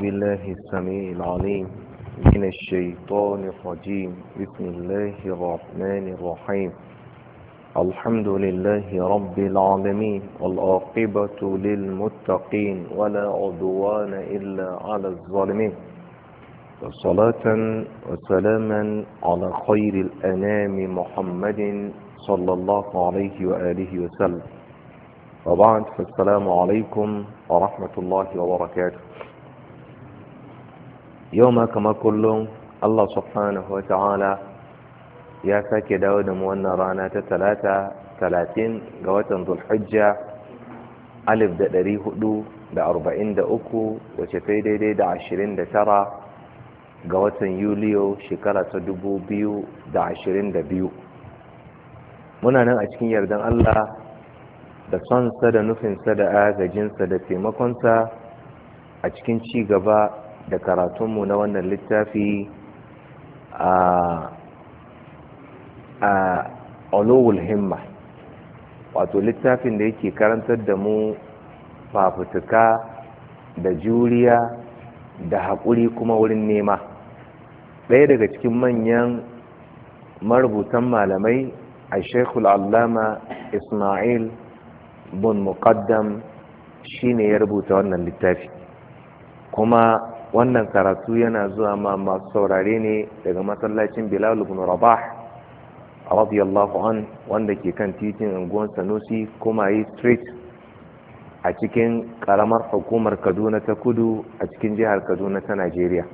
بسم الله السميع العليم من الشيطان الرجيم بسم الله الرحمن الرحيم الحمد لله رب العالمين والآقبة للمتقين ولا عدوان إلا على الظالمين وصلاة وسلاما على خير الأنام محمد صلى الله عليه وآله وسلم وبعد فالسلام عليكم ورحمة الله وبركاته yau ma kamar kullum Allah subhanahu wa ta'ala ya sake dawo da mu wannan rana ta talata talatin ga watan zulhijja alif da ɗari hudu da arba'in da uku wace fai daidai da ashirin da tara ga watan yuliyo shekara ta dubu biyu da ashirin da biyu muna nan a cikin yardan Allah da sonsa da nufinsa da agajinsa da taimakonsa a cikin ci gaba da karatunmu na wannan littafi a olowul himma wato littafin da yake karantar da mu fafutuka da juriya da haƙuri kuma wurin nema ɗaya daga cikin manyan marubutan malamai a shekul allama ismail bin muqaddam shine ya rubuta wannan littafi kuma wannan karatu yana zuwa ma masu saurare ne daga masallacin bilal ibn rabah radiyallahu an wanda ke kan titin unguwar sanusi kuma yi street a cikin karamar hukumar kaduna ta kudu a cikin jihar kaduna ta najeriya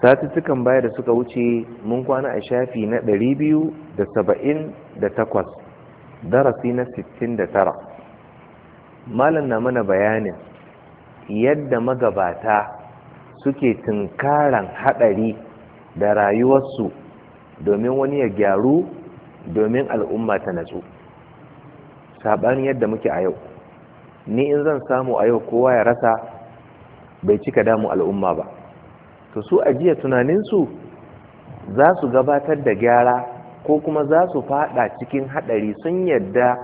satuttukan baya da suka wuce mun kwana a shafi na 278 darasi na 69 malam na mana bayanin yadda magabata suke tunkaran haɗari da rayuwarsu domin wani ya gyaru domin al'umma ta natsu saɓanin yadda muke a yau ni in zan samu a yau kowa ya rasa bai cika damu al'umma ba to su ajiya tunaninsu za su gabatar da gyara ko kuma za su fada cikin haɗari sun yadda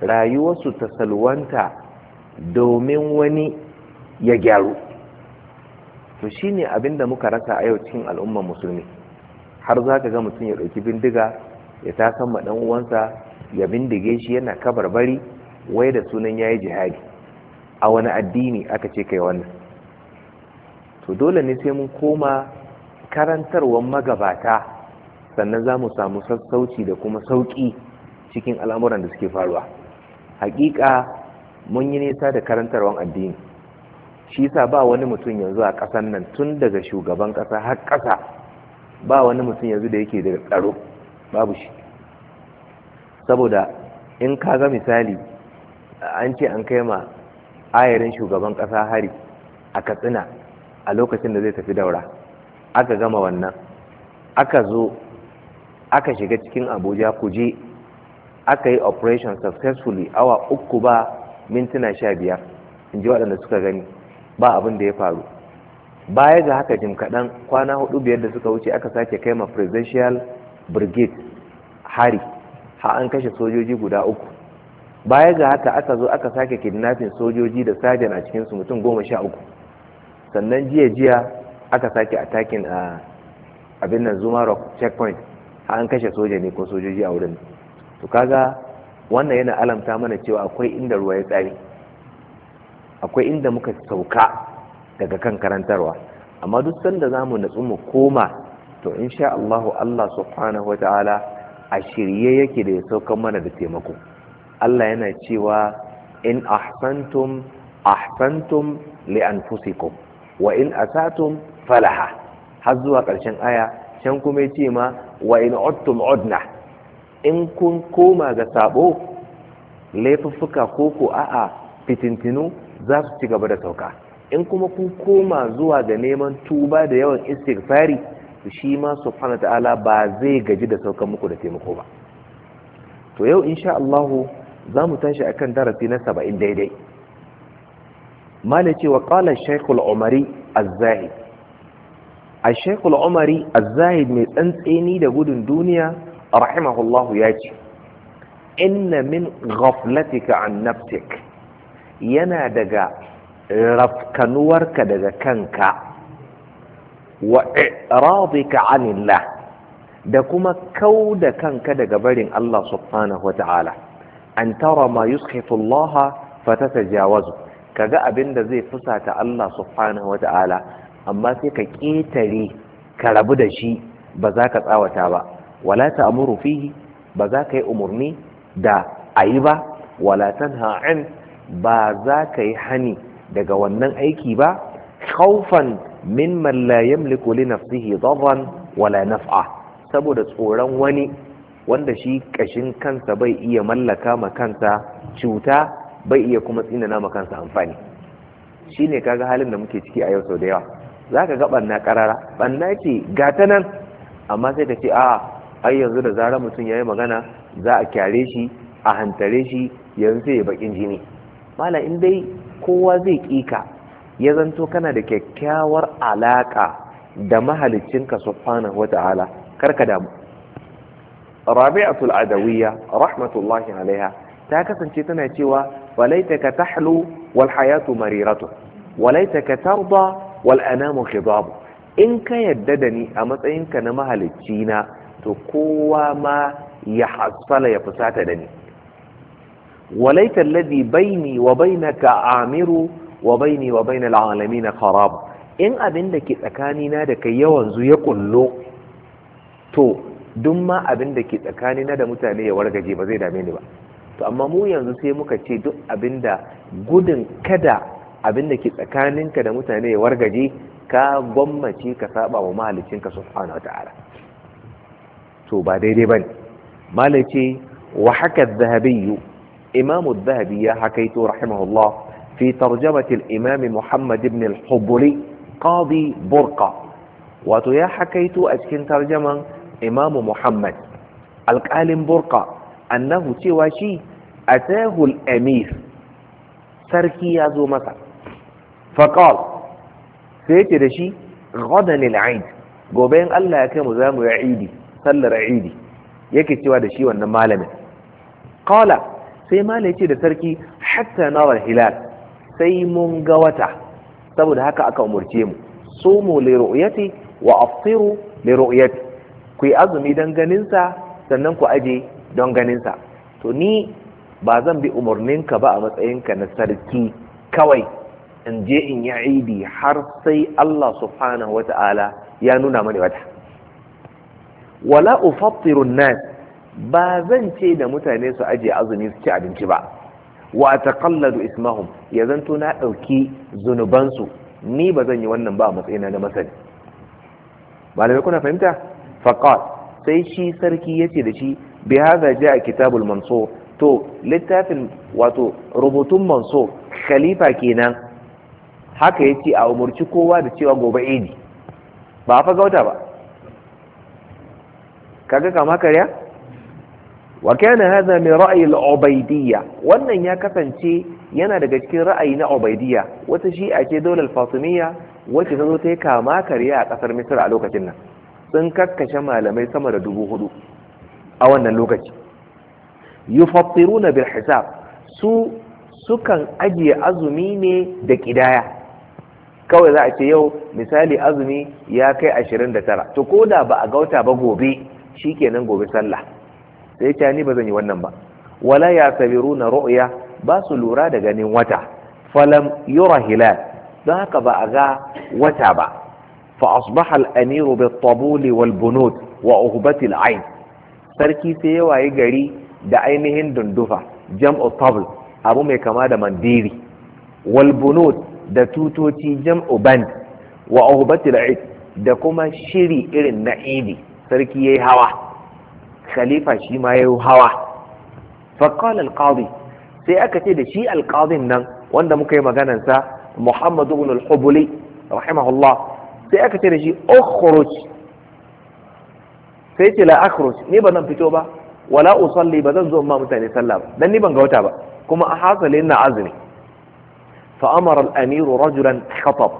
rayuwarsu ta salwanta domin wani ya gyaru to shine abin da muka rasa a yau cikin al'ummar musulmi har za ka ga mutum ya ɗauki bindiga ya tasa ma ɗan uwansa ya bindige shi yana kabarbari wai da sunan ya yi jihadi a wani addini aka ce kai wannan to dole ne sai mun koma karantarwar magabata sannan za mu samu sassauci da kuma sauƙi cikin al'amuran da suke faruwa hakika mun yi nisa da karantarwar addini shi sa ba wani mutum yanzu a ƙasar nan tun daga shugaban ƙasa har ƙasa ba wani mutum yanzu da yake daga tsaro babu shi saboda in ka ga misali an ce an kai ma ayarin shugaban ƙasa hari a katsina a lokacin da zai tafi daura aka gama wannan aka zo aka shiga cikin abuja kuje aka yi operation successfully awa uku ba mintuna sha biyar in ji waɗanda suka gani ba abin da ya faru baya ga haka jim kaɗan kwana hudu biyar da suka wuce aka sake kai ma presidential brigade hari ha an kashe sojoji guda uku baya ga haka aka zo aka sake kidnafin sojoji da sajan a cikinsu mutum goma sha uku sannan jiya jiya aka sake attacking a ah, abin nan zuma rock checkpoint ha an kashe soja ne ko sojoji a wurin to kaga wannan yana alamta mana cewa akwai inda ruwa ya tsari akwai inda muka sauka daga kan karantarwa amma duk sanda za mu natsu mu koma to insha Allah Allah subhanahu wa ta'ala a shirye yake da ya saukan mana da taimako Allah yana cewa in ahsantum ahsantum li anfusikum wa in asatum falaha har zuwa ƙarshen aya can kuma ya ce ma wa in uttum udna in kun koma ga sabo laifuffuka ko ku a'a fitintinu za su ci gaba da sauka in kuma kun koma zuwa ga neman tuba da yawan istighfari to shi ma subhanahu ta'ala ba zai gaji da saukan muku da taimako ba to yau insha Allah za mu tashi akan darasi na 70 daidai mala cewa qala shaykhul umari az-zahid al umari az-zahid mai tsantseni da gudun duniya rahimahullahu ya ce inna min ghaflatika an nafsika yana daga rafkanuwarka daga kanka wa radika anillah da kuma kau da kanka daga barin Allah subhanahu wata'ala an tara ma yushifu Allah fa kaga abin da zai fusata Allah subhanahu wata'ala amma sai ka ƙetare ka rabu da shi ba za ka tsawata ba wala ta'muru fihi ba za ka yi umarni da ayi ba wala tanha an ba za ka yi hani daga wannan aiki ba Kaufan min man la yamliku li nafsihi darran wala naf'a saboda tsoron wani wanda shi kashin kansa bai iya mallaka ma kansa cuta bai iya kuma tsina ma kansa amfani Shi shine kaga halin da muke ciki a yau sau da yawa zaka ga banna karara banna ce ta nan amma sai ka ce a ai yanzu da zarar mutum ya yi magana za a kyare shi a hantare shi yanzu sai ya bakin jini mala in dai kowa zai ƙika ya zanto kana da kyakkyawar alaƙa da mahalicinka subhanahu wata'ala karka damu rabi'atul adawiyya rahmatullahi alaiha ta kasance tana cewa walaitaka tahlu wal hayatu mariratu walaitaka tarda wal anamu in ka yadda da ni a matsayinka na mahalicci na to kowa ma ya hasala ya fusata da ni walaita alladhi baini wa bainaka amiru wa baini wa bainal alamin qarab in abin da ke tsakanina da kai yawanzu ya kullo to duk ma abin da ke tsakanina da mutane ya wargaje ba zai dame ni ba to amma mu yanzu sai muka ce duk abin da gudun kada abin da ke tsakaninka da mutane ya wargaje ka gwammace ka saɓa wa mahalicinka subhanahu wata'ala to ba daidai bane malace wa haka zahabiyyu إمام الذهبي حكيت رحمه الله في ترجمة الإمام محمد بن الحبري قاضي برقة وتيا حكيت أشكن ترجمة إمام محمد القالم برقة أنه تواشي أتاه الأمير سركي يازو مثلا فقال سيتي دشي غدا العيد gobayin قال ya kai mu za mu عيدي idi sallar idi yake cewa sai mala ya ce da sarki hatta nawar hilal sai mun ga wata saboda haka aka umarce mu sumo li ru'yati wa afsiru li ru'yati ku yi azumi don sa sannan ku aje don ganin sa to ni ba zan bi umarninka ba a matsayin ka na sarki kawai in je in yi aidi har sai Allah subhanahu wata'ala ya nuna mani wata wala ufattirun nas ba zan ce da mutane su aje azumi su ci abinci ba wa taqalladu ismahum ya zanto na dauki zunubansu ni ba zan yi wannan ba matsayina na masani malamai kuna fahimta faqat sai shi sarki yace da shi bi hadha jaa kitabul mansur to littafin wato rubutun mansur khalifa kenan haka yace a umurci kowa da cewa gobe idi ba fa gauta ba kaga kama karya wa kana hadha min ra'yi wannan ya kasance yana daga cikin ra'ayi na ubaydiyya wata shi'a ce daular fatimiyya wacce ta zo ta yi kama karya a ƙasar misr a lokacin nan sun kakkashe malamai sama da dubu hudu a wannan lokaci yufattiruna bil hisab su sukan ajiye azumi ne da ƙidaya, kawai za a ce yau misali azumi ya kai ashirin da tara, to ko da ba a gauta ba gobe shi shikenan gobe sallah sai ya ni ba zan yi wannan ba wala ya sabiru na ru'ya ba su lura da ganin wata falam yura hilal don haka ba a ga wata ba fa asbaha al-amiru bi tabuli wal bunut wa uhbati al-ain sarki sai ya waye gari da ainihin dundufa jam'u tabl abu mai kama da mandiri wal bunut da tutoci jam'u band wa uhbati al da kuma shiri irin na idi sarki yayi hawa khalifa shi ma yayi hawa fa qala al-qadi sai aka ce da shi alqadin nan wanda muka yi maganar sa Muhammad ibn al-Hubuli rahimahullah sai aka ce da shi ukhruj sai ce la akhruj ni ba zan fito ba wala usalli ba zan zo ma mutane sallah ba dan ni ban ga wata ba kuma a hasali ina azumi fa amara al-amir rajulan khatab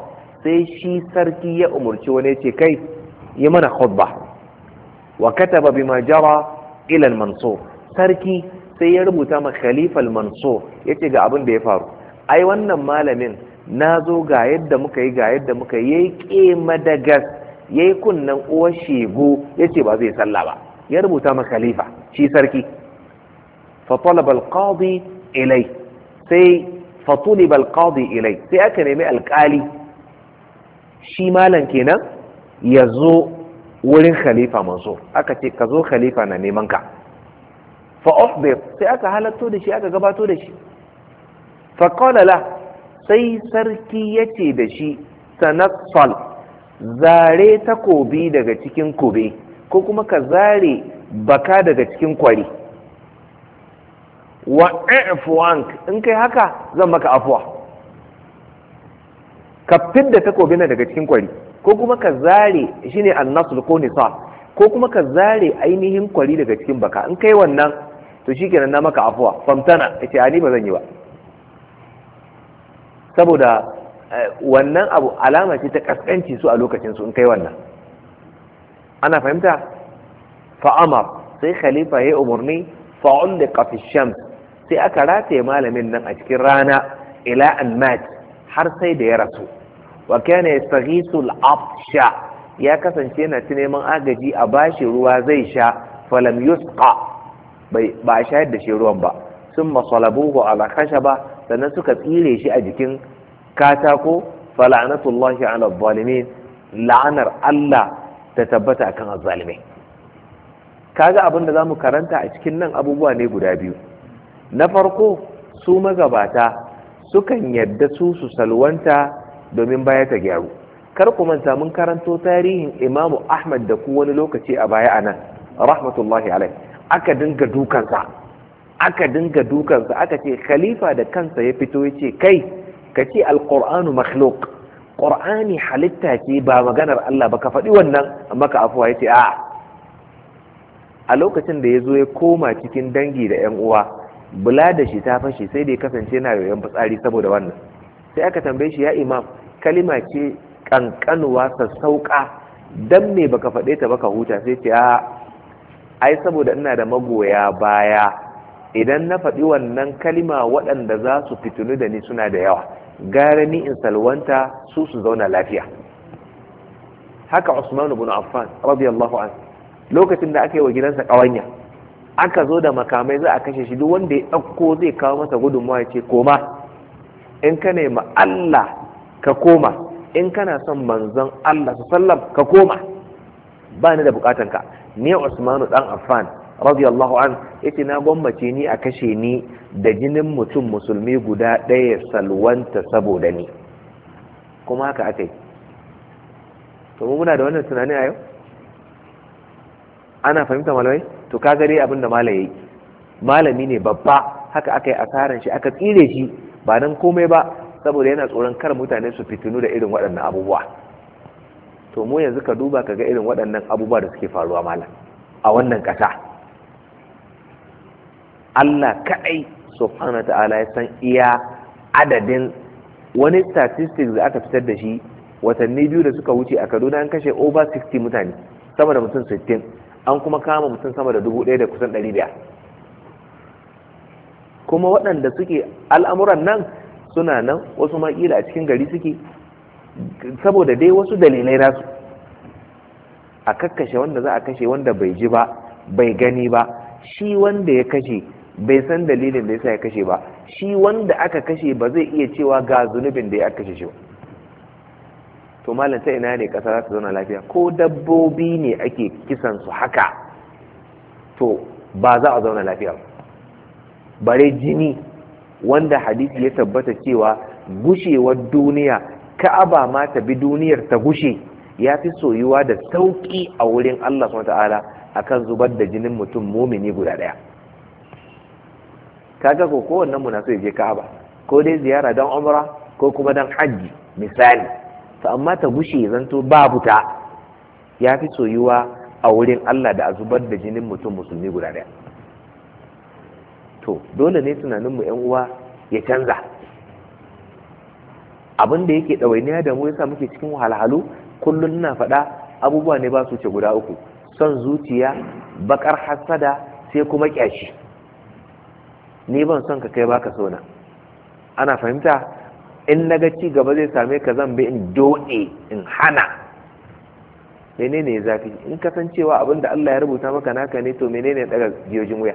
sai shi sarki ya umurci wani ya ce kai yi mana khutba wa kataba bima jara ila al-mansur sarki sai ya rubuta ma khalifa al-mansur yace ga abin da ya faru ai wannan malamin nazo ga yadda muka yi ga yadda muka yi yayi kema daga yayi kunnan uwar shego yace ba zai salla ba ya rubuta ma khalifa shi sarki fa talaba al-qadi ilai sai fa tuliba al-qadi ilai sai aka nemi alkali shi malam kenan ya zo wurin khalifa manzo aka ce ka zo khalifa na neman ka fa ofbir sai aka halatto da shi aka gabato da shi fa la sai sarki ya ce da shi sanatsal zare takobi daga cikin kube ko kuma ka zare baka daga cikin kwari wa afuwank in kai haka zan maka afuwa ka fidda takobi na daga cikin kwari ko kuma ka zare shine annasul ko Nisa, ko kuma ka zare ainihin kwari daga cikin baka in kai wannan to shikenan na maka afuwa famtana yace ani ba zan yi ba saboda eh, wannan abu alama ce ta kaskanci su a lokacin su in kai wannan ana fahimta fa'amar sai khalifa ya umarni fa'ul da shams sai aka rataye malamin nan a cikin rana ila an mat har sai da ya rasu wa kana yastaghisul absha ya kasance yana ta neman agaji a bashi ruwa zai sha falam yusqa bai ba shayar da shi ruwan ba summa salabuhu ala khashaba sannan suka tsire shi a jikin katako fala'natullahi ala zalimin la'anar Allah ta tabbata akan azzalimai kaga abin da zamu karanta a cikin nan abubuwa ne guda biyu na farko su magabata sukan yadda su su salwanta domin baya ta gyaru kar ku manta mun karanto tarihin imamu ahmad da ku wani lokaci a baya anan rahmatullahi alai aka dinga dukansa aka dinga dukansa aka ce khalifa da kansa ya fito ya ce kai ka ce alqur'anu makhluq qur'ani halitta ce ba maganar Allah ba ka faɗi wannan amma ka afuwa ya ce a a lokacin da ya zo ya koma cikin dangi da 'yan uwa bula da shi ta fashe sai da ya kasance na yoyon fitsari saboda wannan sai aka tambaye shi ya imam kalima ce kankanuwa sassauka dan me baka faɗe ta baka huta sai ce a ai saboda ina da magoya baya idan na faɗi wannan kalima waɗanda za su fitinu da ni suna da yawa gara ni in salwanta su su zauna lafiya haka Usman ibn Affan radiyallahu anhu lokacin da aka yi wa gidansa kawanya aka zo da makamai za a kashe shi duk wanda ya ɗauko zai kawo masa gudunmawa ya ce koma in ka nemi Allah ka koma in kana son manzon Allah su sallam ka koma ba ni da ka ni Usmanu dan Affan radiyallahu an yace na gwammace ni a kashe ni da jinin mutum musulmi guda ɗaya salwanta saboda ni kuma haka aka yi to muna da wannan tunani a yau ana fahimta malamai to ka gare abin da malai malami ne babba haka aka yi asaran shi aka tsire shi ba nan komai ba saboda yana tsoron kar mutane su fitinu da irin waɗannan abubuwa to mu yanzu ka duba ka ga irin waɗannan abubuwa da suke faruwa malam a wannan ƙasa Allah kaɗai subhanahu ta'ala ya san iya adadin wani statistics da aka fitar da shi watanni biyu da suka wuce a Kaduna an kashe over 60 mutane sama da mutum 60 an kuma kama mutum sama da dubu da kusan ɗari biyar kuma waɗanda suke al'amuran nan suna nan wasu makila a cikin gari suke saboda dai wasu dalilai nasu a kakkashe wanda za a kashe wanda bai ji ba bai gani ba shi wanda ya kashe bai san dalilin da ya sa ya kashe ba shi wanda aka kashe ba zai iya cewa ga zunubin da ya kashe shi ba to malam ta ina ne kasa za ta zauna lafiya ko dabbobi ne ake kisan su haka to ba za a zauna lafiya ba bare jini wanda hadisi ya tabbata cewa gushewar duniya ka'aba ma ta bi duniyar ta gushe ya fi soyuwa da sauƙi a wurin Allah subhanahu a kan zubar da jinin mutum mumini guda ɗaya kaga ko kowannen mu na so ya je ka'aba ko dai ziyara don umra ko kuma don hajji misali to amma ta gushe zanto babu ta ya fi soyuwa a wurin Allah da a zubar da jinin mutum musulmi guda ɗaya to dole ne tunaninmu yan uwa ya canza abin da yake ɗawainiya da mu yasa muke cikin wahalhalu kullum na faɗa abubuwa ne ba su ce guda uku son zuciya bakar hasada sai kuma kyashi ni ban son ka kai baka sona ana fahimta in na ga ci gaba zai same ka zan bi in doɗe in hana menene zafi in kasancewa abin da Allah ya rubuta maka naka ne to menene daga giyojin wuya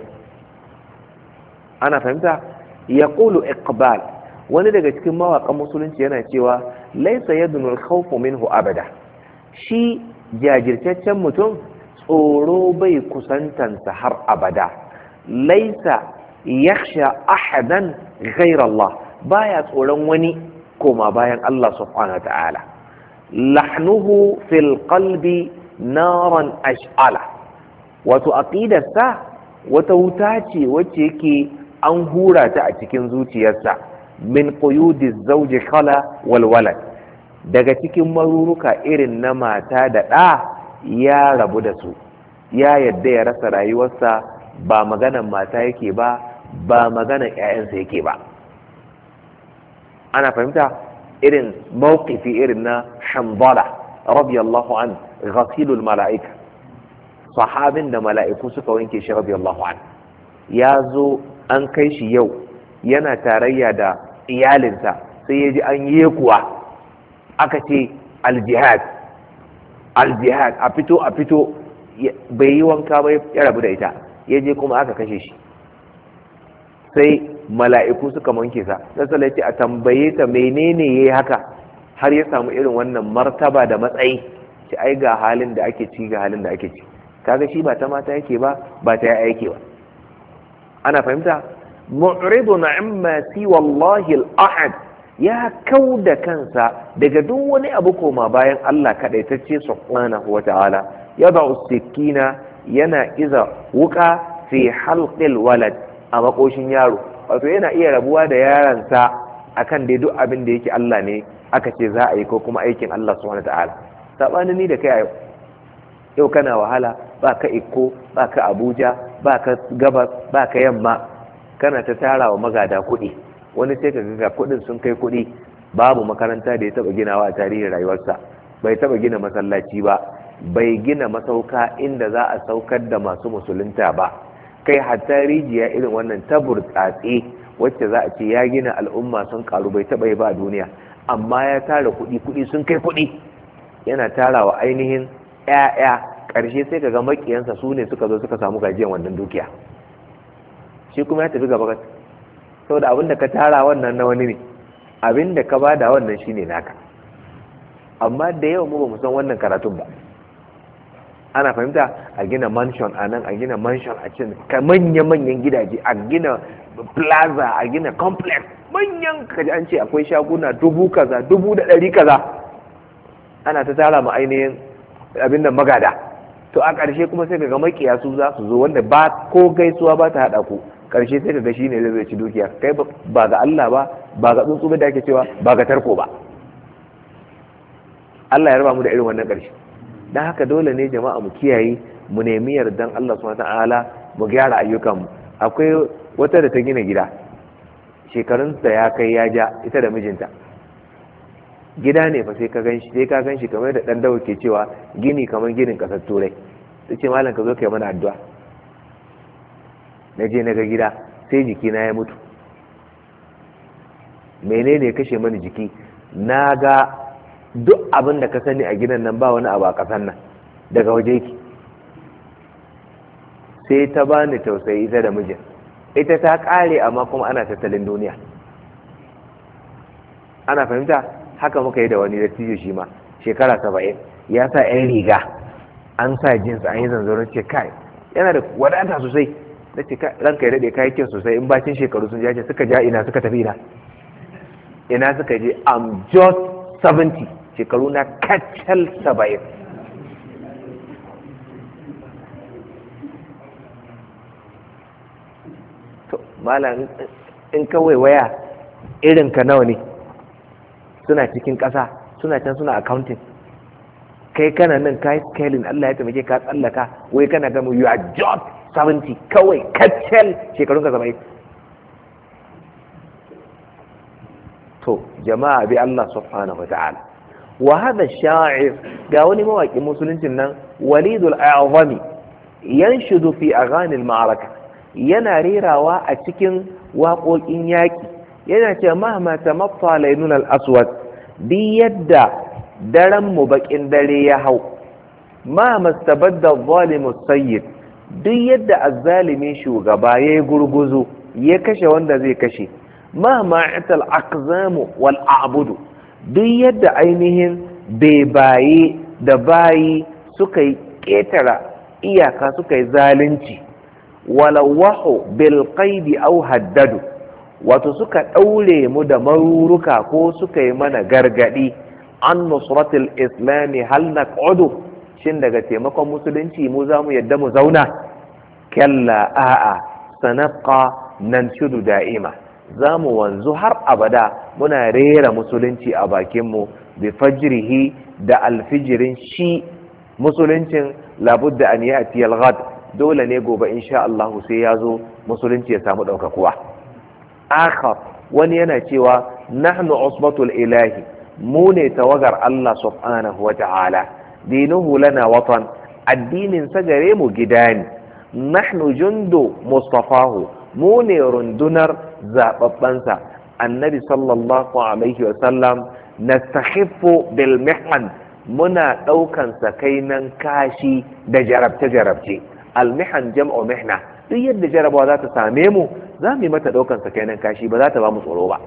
ana fahimta ya ƙulu iqbal wani daga cikin mawaƙan musulunci yana cewa laisa yadunul khawfu minhu abada shi jajirtaccen mutum tsoro bai kusantansa har abada laisa yakhsha ahadan ghayra Allah baya tsoron wani koma bayan Allah subhanahu ta'ala lahnuhu fil qalbi naran ash'ala wato aqidarsa wata wuta ce wacce yake an hura ta a cikin zuciyarsa min quyudiz zauji khala wal daga cikin maruruka irin na mata da ɗa ya rabu da su ya yadda ya rasa rayuwarsa ba maganan mata yake ba ba maganan 'ya'yansa yake ba ana fahimta irin mawqifi irin na shambala radiyallahu an ghasilul mala'ika sahabin da mala'iku suka wanke shi radiyallahu an ya zo an kai shi yau yana tarayya da iyalinsa sai ya ji an yi kuwa aka ce aljihad aljihad a fito a fito bai yi wanka ba ya rabu da ita ya je kuma aka kashe shi sai mala'iku suka manke sa na ce a tambaye ta menene ya yi haka har ya samu irin wannan martaba da matsayi ci ai ga halin da ake ci ga halin da ake ci kaga shi ba ta mata yake ba ba ta yake ba ana fahimta mu'ridu amma si wallahi al-ahad ya kau da kansa daga duk wani abu koma bayan Allah kadaitacce subhanahu wa ta'ala ya ba sikina yana iza wuka fi halqil walad a makoshin yaro wato yana iya rabuwa da yaransa akan dai duk abin da yake Allah ne aka ce za a yi ko kuma aikin Allah subhanahu ta'ala sabanin ni da kai yau yau kana wahala ba ka iko ba ka Abuja ba ka gabas ba yamma kana ta tara wa magada kuɗi wani sai ka ga kuɗin sun kai kuɗi babu makaranta da ya taɓa ginawa a tarihin rayuwarsa bai taɓa gina masallaci ba bai gina masauka inda za a saukar da masu musulunta ba kai hatta rijiya irin wannan ta burtsatse wacce za a ce ya gina al'umma sun karu bai taɓa yi ba a duniya amma ya tara kuɗi kuɗi sun kai kuɗi yana tara wa ainihin 'ya'ya ƙarshe sai ga makiyansa su ne suka zo suka samu gajiyan wannan dukiya shi kuma ya tafi gaba saboda abinda ka tara wannan na wani ne abinda ka ba da wannan shine naka amma da yawa mu ba mu san wannan karatun ba ana fahimta a gina mansion a nan a gina mansion a cin ka manya-manyan gidaje a gina plaza a gina complex manyan kaji an ce akwai shaguna dubu kaza dubu da ɗari kaza ana ta tara ma ainihin abin da magada to a ƙarshe kuma sai ga makiya su za su zo wanda ba ko gaisuwa ba ta haɗa ku ƙarshe sai shi ne zai ci dukiya kai ba ga Allah ba ba ga tsuntsu da ake cewa ba ga tarko ba Allah ya raba mu da irin wannan ƙarshe Na haka dole ne jama'a mu kiyaye mu nemi yardan Allah subhanahu ta'ala mu gyara ayyukanmu akwai wata da ta gina gida shekarunta ya kai ya ja ita da mijinta gida ne fa sai ka ganshi sai ka shi kamar da dan dawo ke cewa gini kamar ginin kasar turai sai ce malam ka zo kai mana addu'a na je na ga gida sai jiki na ya mutu menene kashe mani jiki na ga duk abin da ka sani a gidan nan ba wani abu a kasan nan daga waje ki sai ta bani tausayi ita da mijin ita ta kare amma kuma ana tattalin duniya ana fahimta haka muka yi da wani dattijo shi ma shekara saba'in ya sa yan riga an sa jins an yi zanzaro ce kai yana da wadata sosai na ce ranka ya daɗe kayan kyan sosai in bacin shekaru sun jace suka ja ina suka tafi ina ina suka je am just 70 shekaru na kacal saba'in to malam in kawai waya irin ka nawa ne suna cikin ƙasa suna can suna accounting kai kana nan ka yi scaling Allah ya taimake ka tsallaka wai kana gama you are just 70 kawai kaccel shekarun ka to jama'a bi Allah subhanahu wata'ala wa hada sha'ir ga wani mawakin musuluncin nan walidul a'zami yanshudu fi aghanil ma'araka yana rerawa a cikin waƙoƙin yaƙi yana ce mahama ta mafa lainun al'aswad bi yadda daren mu bakin dare ya hau mahama stabadda zalimu sayyid duk yadda azzalimin shugaba ya yi gurguzu ya kashe wanda zai kashe mahama ital akzamu wal a'budu duk yadda ainihin bebaye da bayi suka yi ƙetara iyaka suka yi zalunci walawahu bil qaidi aw haddadu wato suka ɗaure mu da maruruka ko suka yi mana gargaɗi an nusratul islami hal naq'udu shin daga taimakon musulunci mu za mu yadda mu zauna kalla a'a sanabqa nanshudu da'ima za mu wanzu har abada muna rera musulunci a bakinmu bi fajrihi da alfijirin shi musuluncin labudda an ya'ti al dole ne gobe insha Allah sai ya zo musulunci ya samu ɗaukakuwa akhar wani yana cewa nahnu usbatul ilahi mu ne tawagar Allah subhanahu wa ta'ala dinuhu lana watan addinin sa gare mu gida ne nahnu jundu mustafahu mu ne rundunar zababbansa annabi sallallahu alaihi wa sallam nastakhiffu bil mihan muna daukan sakainan kashi da jarabce jarabce al mihan jam'u mihna duk yadda jarabawa za ta same mu za mu yi mata ɗaukan kenan kashi ba za ta ba mu tsoro ba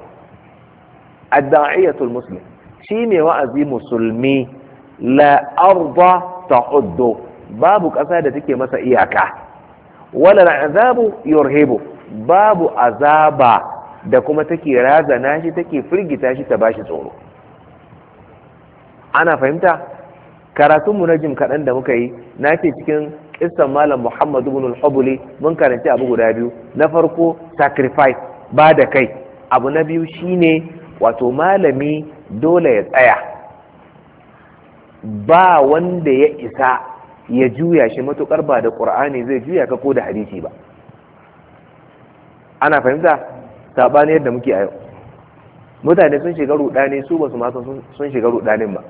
adda'iyatul muslim shi ne wa'azi musulmi la arda ta'uddu babu ƙasa da take masa iyaka wala azabu yurhibu babu azaba da kuma take razana shi take firgita shi ta bashi tsoro ana fahimta karatunmu na jim kaɗan da muka yi na ce cikin kissan malam muhammad ibn al-hubuli mun karanci abu guda biyu na farko sacrifice ba da kai abu na biyu shine wato malami dole ya tsaya ba wanda ya isa ya juya shi matukar ba da ƙur'ani zai juya ka ko da hadisi ba ana fahimta sabani yadda muke a yau mutane sun shiga rudani su ba su ma sun shiga rudanin ba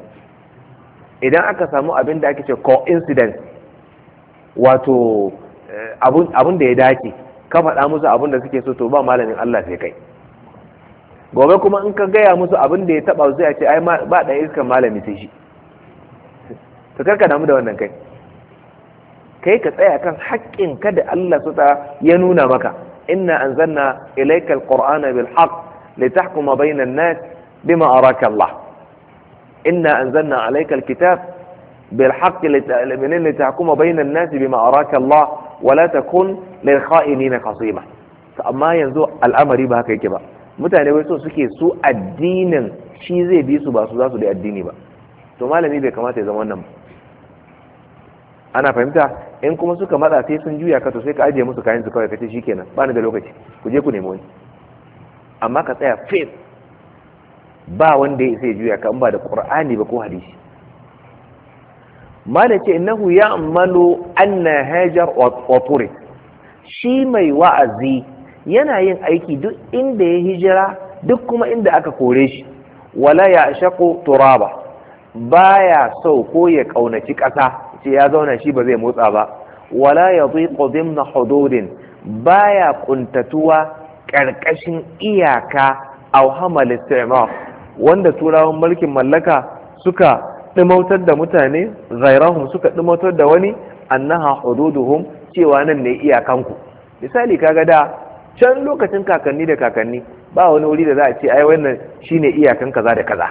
idan aka samu abin da ake ce coincidence wato eh, abun da ya dace ka faɗa musu abun da suke so to ba malamin Allah sai kai gobe kuma in ka gaya musu abun da ya taɓa sai a ce ai ba ɗan iskan malami sai shi to karka damu da wannan kai kai ka tsaya kan haƙƙin ka da Allah suta ya nuna maka inna anzalna ilayka alqur'ana bil haqq litahkuma bayna an-nas bima araka Allah inna anzalna alayka alkitab بالحق لتحكم بين الناس بما أراك الله ولا تكن للخائنين خصيما amma yanzu al'amari ba haka yake ba mutane wai so suke su addinin shi zai bi su ba su za su da addini ba to malami bai kamata ya zama wannan ba ana fahimta in kuma suka matsa sai sun juya ka to ka ajiye musu kayan su kawai ka ce kenan. ba ni da lokaci ku je ku nemi wani amma ka tsaya faith ba wanda ya isa ya juya ka in ba da qur'ani ba ko hadisi mana ce innahu an na hajar shi mai wa'azi yana yin aiki duk inda ya hijira duk kuma inda aka kore shi wala ya shaƙo turaba baya sau ko ya ƙaunaci ƙasa ce ya zauna shi ba zai motsa ba wala ya zai ƙodim na ba baya ƙuntatuwa ƙarƙashin iyaka a wanda turawan mulkin mallaka suka dimautar da mutane zairahum suka ɗumautar da wani annaha hududuhum cewa nan ne iyakanku misali kaga da can lokacin kakanni da kakanni ba wani wuri da za a ce ai wannan shine iyakan kaza da kaza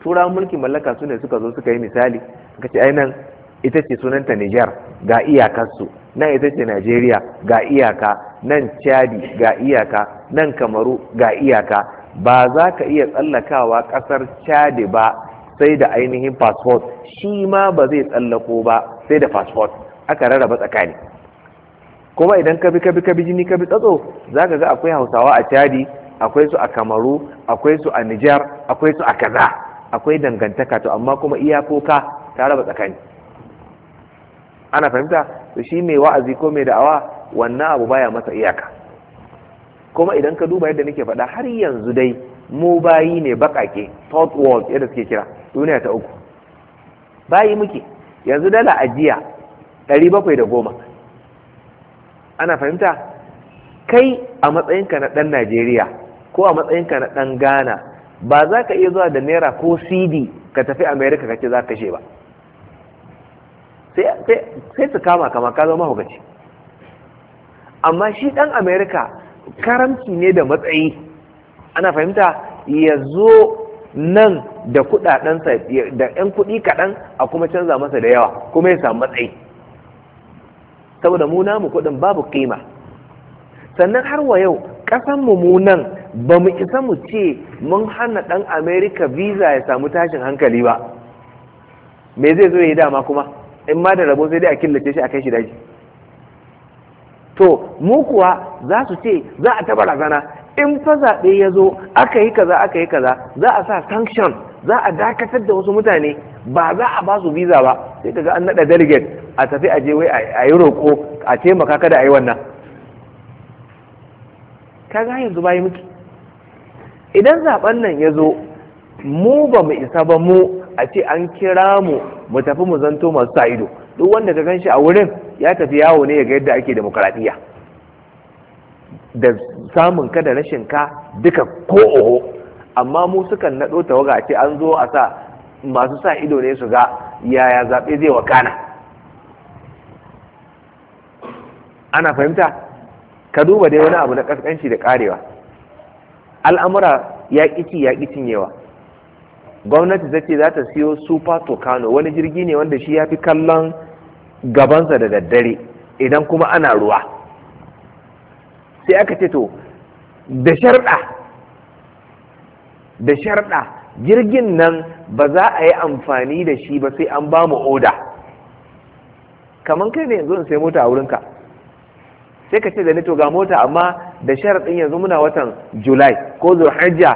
Tura mulkin mallaka su ne suka zo suka yi misali suka ce ai nan ita ce sunanta Nijar ga iyakarsu na ita ce Najeriya ga iyaka nan Chadi ga iyaka nan Kamaru ga iyaka ba za ka iya tsallakawa ƙasar Chadi ba sai da ainihin passport shi ma ba zai tsallako ba sai da passport aka rarraba tsakani kuma idan ka bi ka bi ka bi jini ka bi tsatso za ka ga akwai hausawa a chadi akwai su a kamaru akwai su a nijar akwai su a kaza akwai dangantaka to amma kuma iyakoka ta raba tsakani ana fahimta to shi mai wa'azi ko mai da'awa wannan abu baya masa iyaka kuma idan ka duba yadda nake faɗa har yanzu dai mu bayi ne baƙaƙe third world yadda suke kira duniya ta uku bayi muke yanzu dala ajiya ɗari bakwai da goma ana fahimta kai a matsayinka na ɗan najeriya ko a matsayinka na ɗan ghana ba za ka iya zuwa da naira ko cd ka tafi america ka ce za ka ba sai su kama kama ka zama hukaci amma shi ɗan america karamci ne da matsayi ana fahimta ya zo nan da kudadensa da yan kuɗi kaɗan a kuma canza masa da yawa kuma ya samu matsayi saboda mu namu kudin babu kima sannan har wa yau ƙasan mu nan ba mu isa mu ce mun hana ɗan america visa ya samu tashin hankali ba me zai zo ya yi dama kuma in ma da rabo sai dai a killace shi a kai shi daji to mu kuwa za su ce za a ta barazana in fa zaɓe ya zo aka yi kaza aka yi kaza za a sa sanction za a dakatar da wasu mutane ba za a ba su visa ba sai kaga an naɗa delegate a tafi a je wai a yi roƙo a taimaka kada a yi wannan kaga yanzu bayi muke idan zaɓen nan ya zo mu ba mu isa ba mu a ce an kira mu mu tafi mu zanto masu sa ido duk wanda ka gan shi a wurin ya tafi yawo ne ya ga yadda ake demokaradiyya da samun ka da rashin ka duka ko oho amma mu suka naɗo tawaga ce an zo a sa masu sa ido ne su ga yaya zaɓe zai wakana ana fahimta ka duba dai wani abu na ƙasƙanci da ƙarewa al'amura ya ƙici ya ƙi cinyewa gwamnati ta ce za ta siyo super tokano wani jirgi ne wanda shi ya fi kallon gabansa da daddare idan kuma ana ruwa sai aka ce to da sharɗa da sharɗa jirgin nan ba za a yi amfani da shi ba sai an ba mu oda kamar kai ne yanzu in sai mota a wurinka sai ka ce da ni to ga mota amma da sharaɗin yanzu muna watan julai ko zurhajja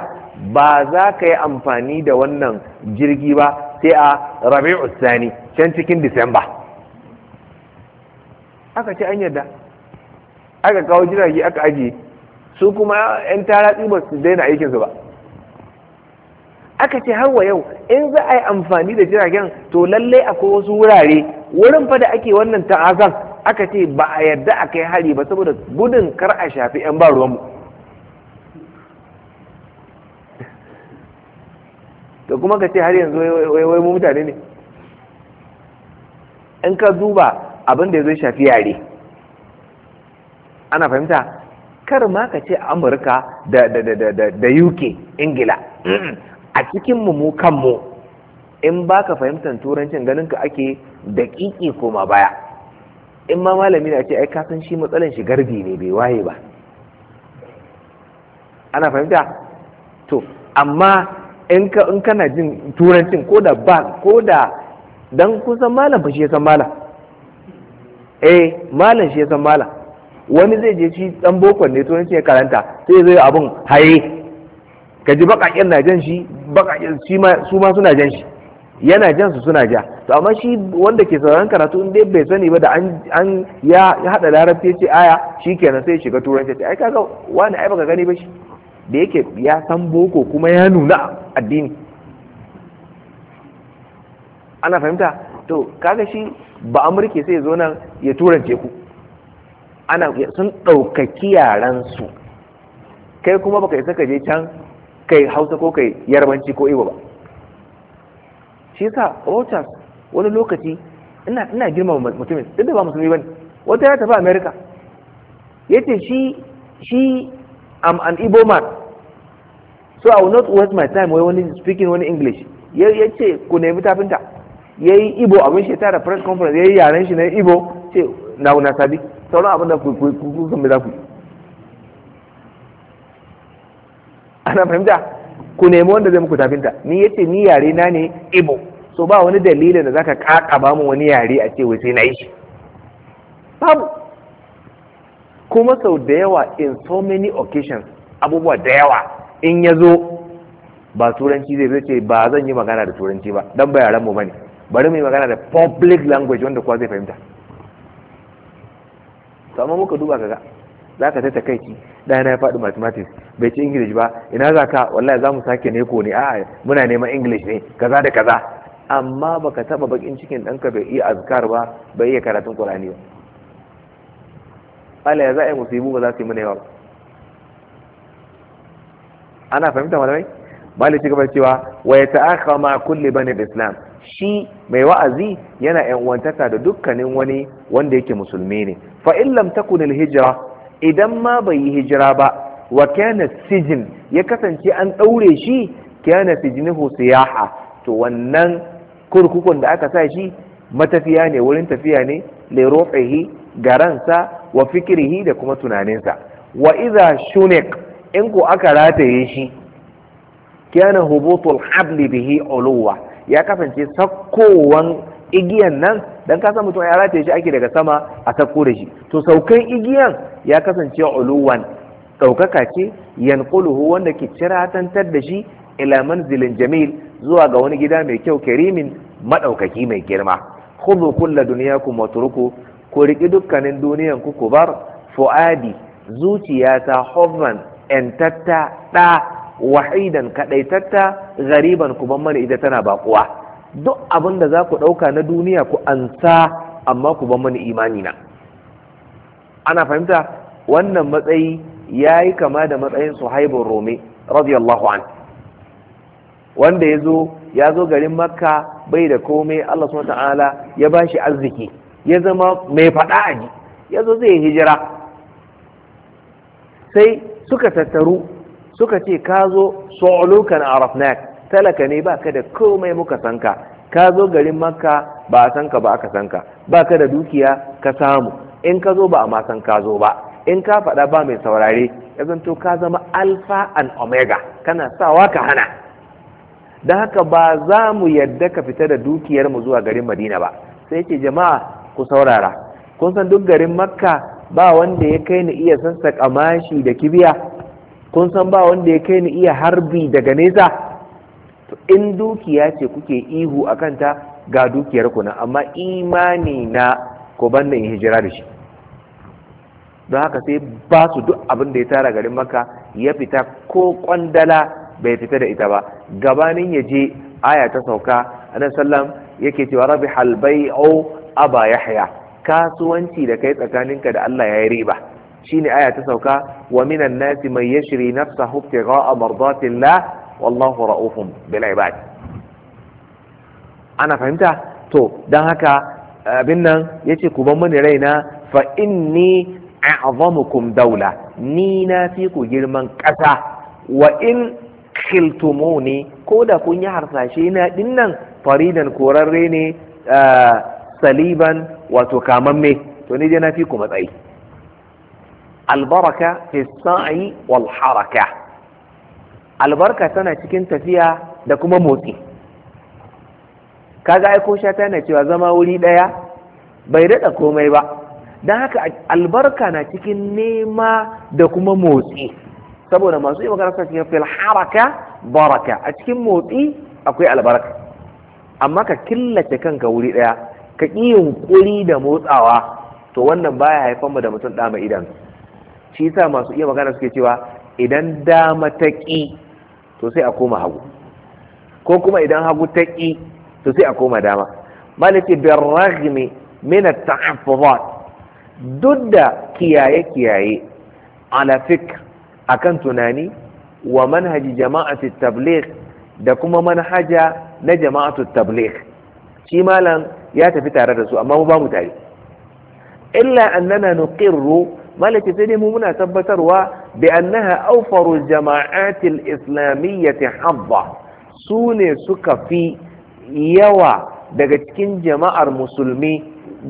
ba za ka yi amfani da wannan jirgi ba sai a rabi'u sani can cikin disamba aka ce an yarda aka kawo jirage aka ajiye su kuma 'yan taratsi ba su daina aikinsu ba aka ce har wa yau in za a yi amfani da jiragen to lallai akwai wasu wurare wurin fa da ake wannan ta'azan aka ce ba a yarda a kai hari ba saboda gudun kar a shafi 'yan ba ruwanmu to kuma ka ce har yanzu wai mu mutane ne in ka duba abin da ya zai shafi yare ana fahimta kar ma ka ce amurka da da da da da uk ingila a cikin mu mu kanmu in ba ka fahimtar turancin ganin ka ake daƙiƙi koma baya in ma malami na ce ai ka san shi matsalan shi garbi ne bai waye ba ana fahimta to amma in ka in kana jin turancin ko da ba ko da dan kusan malam ba shi ya san malam eh malam shi ya san malam wani zai je shi dan bokon ne to ne karanta sai zai abun haye ka ji na jan shi su ma suna jan shi yana jan su suna ja to amma shi wanda ke sauraron karatu in dai bai sani ba da an ya hada larabci ce aya shikenan sai shiga turanci ce ai kaga wani ai baka gani ba shi da yake ya san boko kuma ya nuna addini ana fahimta to kaga shi ba amurke sai ya zo nan ya turance ku ana sun ɗaukaki yaransu kai kuma baka isa ka je can kai hausa ko kai yarbanci ko Igbo ba shi yasa rochas wani lokaci ina ina girma mutumin duk da ba musulmi bane wata ya tafi america ce shi shi am an ibo man so i will not waste my time wai wani speaking wani english ya ce ku nemi tafinta Ya yi ibo abin shi tara press conference yi yaren shi na ibo ce na una sabi sauran abin da kusan mai za ku ana fahimta ku nemi wanda zai muku tafinta ni yace ni yare na ne ibo so ba wani dalilin da zaka ba mu wani yare a ce wai sai na yi shi babu kuma sau da yawa in so many occasions abubuwa da yawa in ya zo ba turanci zai zai ce ba zan yi magana da turanci ba don ba yaren mu ne, bari mu yi magana da public language wanda kowa zai fahimta to amma muka duba kaga za ka ta kai da na ya faɗi mathematics bai ci english ba ina za ka wallahi za mu sake ne ko ne a muna neman english ne kaza da kaza amma baka taba bakin cikin ɗanka bai iya azkar ba bai iya karatun qur'ani ba Allah ya za a yi musibu ba za su yi mana yawa ba. ana fahimta malamai malai ci gaba cewa wa ya ta'akha ma kulli bani islam shi mai wa'azi yana yan uwantaka da dukkanin wani wanda yake musulmi ne fa in lam takun idan ma bai yi hijira ba wa kana sijin ya kasance an daure shi kana sijnihu siyaha to wannan kurkukun da aka sa shi matafiya ne wurin tafiya ne li garansa wa fikrihi da kuma tunaninsa wa iza shunik in ko aka rataye shi kana hubutul habli bihi uluwa ya kasance sakkowan igiyan nan dan ka san mutum ya rataye shi ake daga sama a sakko da shi to saukan igiyan ya kasance uluwan ɗaukaka ce yanquluhu wanda ke ciratantar da shi ila manzilin jamil zuwa ga wani gida mai kyau karimin maɗaukaki mai girma khudhu kulla dunyakum wa turku ku riki dukkanin duniyan ku ku bar fuadi zuciyata hovan entatta da wahidan kadaitatta gariban kuma mana ita tana bakuwa duk abin da za ku ɗauka na duniya ku ansa amma ku ban mana imani na ana fahimta wannan matsayi ya yi kama da matsayin suhaibun rome radiyallahu an wanda ya zo ya zo garin makka bai da komai allah subhanahu ta'ala ya ba shi arziki ya zama mai faɗa a ji ya zo zai hijira sai suka tattaru suka ce ka zo su'ulukan arafnak talaka ne ba ka da komai muka sanka ka zo garin makka ba a sanka ba aka sanka ka da dukiya ka samu in ka zo ba a masan ka zo ba in ka faɗa ba mai saurare ya to ka zama alfa and omega kana sawa ka hana don haka ba za mu yadda ka fita da dukiyar mu zuwa garin madina ba sai ke jama'a ku saurara kun san duk garin makka ba wanda ya kai ni iya sassaƙa mashi da kibiya kun san ba wanda ya kai ni iya harbi daga nesa to in dukiya ce kuke ihu a kanta ga dukiyar ku na amma imani na ko ban da hijira da shi don haka sai ba su duk abin da ya tara garin maka ya fita ko kwandala bai fita da ita ba gabanin ya je aya ta sauka anan sallam yake cewa rabi halbai au aba yahya kasuwanci da kai tsakaninka da allah ya yi riba shine aya ta sauka wa minan nasi mai yashri nafsahu ibtigha'a mardatillah wallahu ra'ufun bil ibad ana fahimta to dan haka abin nan yace ku ban mani raina fa inni a'zamukum daula ni na fi ku girman ƙasa wa in khiltumuni ko da kun yi harsashe na dinnan faridan korarre ne ah, saliban wato kamamme to ni dai na fi ku matsayi albaraka fi sa'i wal haraka albarka tana cikin tafiya da kuma motsi kaga aiko sha tana cewa zama wuri daya bai daɗa komai ba don haka albarka na cikin nema da kuma motsi saboda masu yi magana cikin fil haraka baraka a cikin motsi akwai albarka amma ka killace kanka wuri daya ka ƙi yunƙuri da motsawa to wannan baya haifar mu da mutum ɗa mai idansu shi yasa masu iya magana suke cewa idan dama ta ƙi to sai a koma hagu ko kuma idan hagu ta ƙi to sai a koma dama malaki bin ragmi min duk da kiyaye kiyaye ala a akan tunani wa manhaji jama'atu tabligh da kuma manhaja na jama'atu tabligh shi malam ya tafi tare da su amma mu ba mu tare illa annana nuqirru malaki sai dai mu muna tabbatarwa bi annaha awfaru jama'atil islamiyyati habba su ne suka fi yawa daga cikin jama'ar musulmi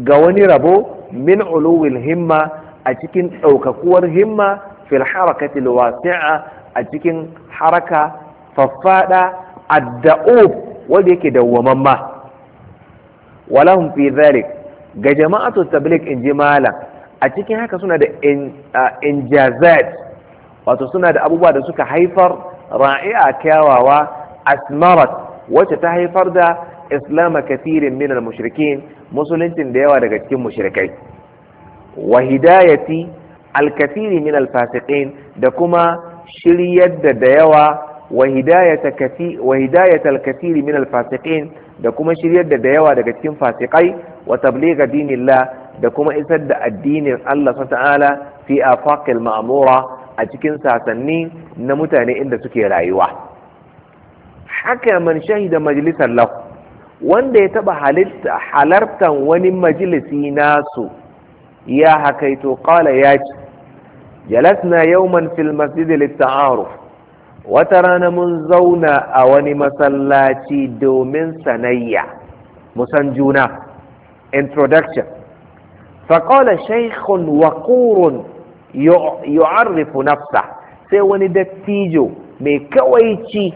ga wani rabo min uluwil himma a cikin ɗaukakuwar himma fil harakati wasi'a a cikin haraka faffada adda'u wanda yake dawwamamma walahum fi dhalik ga jama'atu tabligh in ji malam a cikin haka suna da injazat wato suna da abubuwa da suka haifar ra'i'a kyawawa asmarat wacce ta haifar da islama kathirin minal mushrikin musuluncin da yawa daga cikin mushrikai wa hidayati alkathiri min alfasiqin da kuma shiryar da da yawa wa hidayata kathi min alfasiqin da kuma shiryar da da yawa daga cikin fasiqai. wa tabliga dinillah da kuma isar da addinin Allah ta'ala fi afaqil ma'mura a cikin sasanni na mutane inda suke rayuwa haka man shahida majalisar lahu wanda ya taba halartar wani majalisi nasu ya hakaito kala ya ce jalasna yauman fil masjidi litta'aruf wata rana mun zauna a wani masallaci domin sanayya musan juna introduction فقال شيخ وقور يعرف نفسه سي سيواني دتيجو مي كويتشي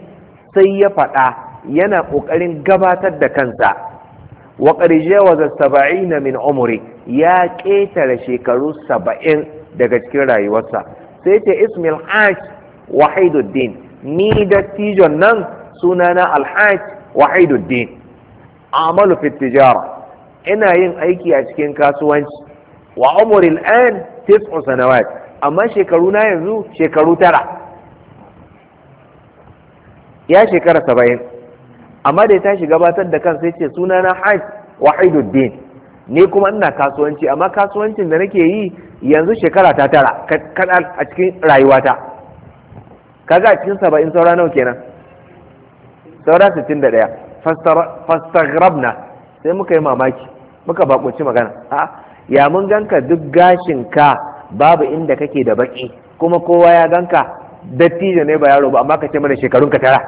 سيفا ينا قرين قباتا دكنسا وقد جاوز السبعين من عمري يا كيتا لشيكارو السبعين دكتكيرا سي تي اسم الحاج وحيد الدين ميدا تيجو نن سنانا الحاج وحيد الدين عمل في التجاره ina yin aiki a cikin kasuwanci wa umuril an tis'u sanawat amma shekaru na yanzu shekaru tara ya shekara saba'in amma da ya tashi gabatar da kan sai ce suna na hajj wahiduddin ni kuma ina kasuwanci amma kasuwancin da nake yi yanzu shekara ta tara kadan a cikin rayuwata kaga a cikin saba'in saura nawa kenan saura sittin da ɗaya fastagrabna sai muka yi mamaki muka bakunci magana a ya mun ganka duk gashin ka babu inda kake da baki kuma kowa ya ganka dattijo ne ba yaro ba amma ka ce mana shekarunka tara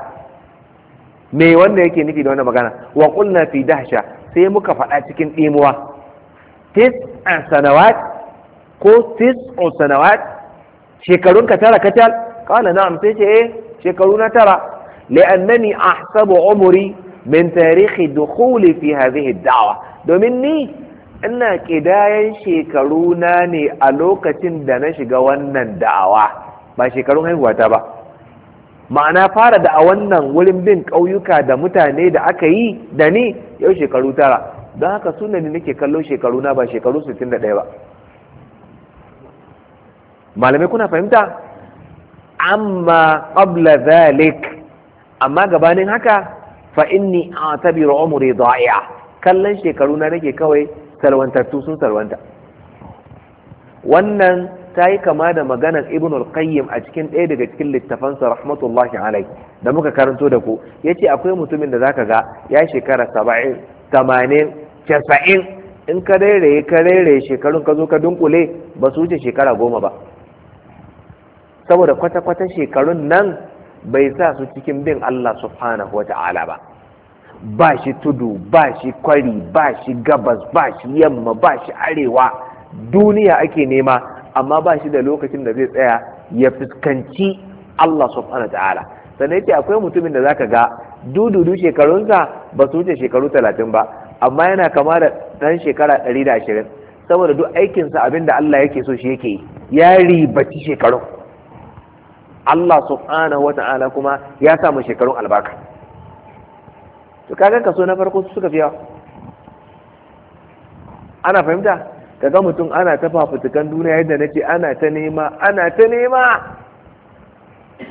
me wanda yake nufi da wannan magana wa qulna fi dahsha sai muka faɗa cikin dimuwa tis an sanawat ko tis o sanawat shekarunka tara kacal qala na'am sai ce eh shekaru na tara la'annani ahsabu umri min tarihi dukhuli fi hadhihi da'wa domin ni ina kidayan shekaru na ne a lokacin da na shiga wannan da'awa ba shekarun ta ba ma'ana fara da a wannan wurin bin ƙauyuka da mutane da aka yi da ni yau shekaru tara don haka suna ne nake kallo shekaru na ba shekaru 61 ba malamai kuna fahimta amma ƙabla zalik amma gabanin haka fa inni atabiru umri da'i'a kallon shekaru na rage kawai salwantattu sun salwanta wannan ta yi kama da maganar ibn al-qayyim a cikin ɗaya daga cikin littafansa rahmatullahi alai da muka karanto da ku Ya ce akwai mutumin da zaka ga ya shekara saba'in, tamanin, casa'in, in ka rairaye ka rairaye shekarun ka zo ka dunkule ba su wuce shekara goma ba saboda kwata-kwata shekarun nan bai sa su cikin bin Allah subhanahu wa ta'ala ba ba shi tudu ba shi kwari ba shi gabas ba shi yamma ba shi arewa duniya ake nema amma ba shi da lokacin da zai tsaya ya fuskanci Allah subhanahu wa ta'ala sannan yake akwai mutumin da zaka ga dududu shekarunsa ba su wuce shekaru talatin ba amma yana kama da ɗan shekara ɗari da ashirin saboda duk aikinsa abin da Allah yake so shi yake ya ribaci shekarun Allah subhanahu wata'ala kuma ya sa shekarun albarka to kaga kaso na farko suka fiya ana fahimta kaga mutum ana ta fafutukan duniya yadda nake ana ta nema ana ta nema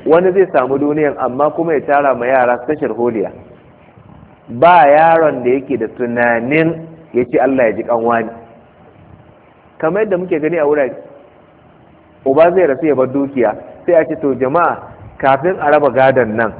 wani zai samu duniyan amma kuma ya tara ma yara tashar holiya ba yaron da yake da tunanin ya ce Allah ya ji kanwani kamar yadda muke gani a wurare uba zai rasu ya bar dukiya sai a ce to jama'a kafin a raba gadon nan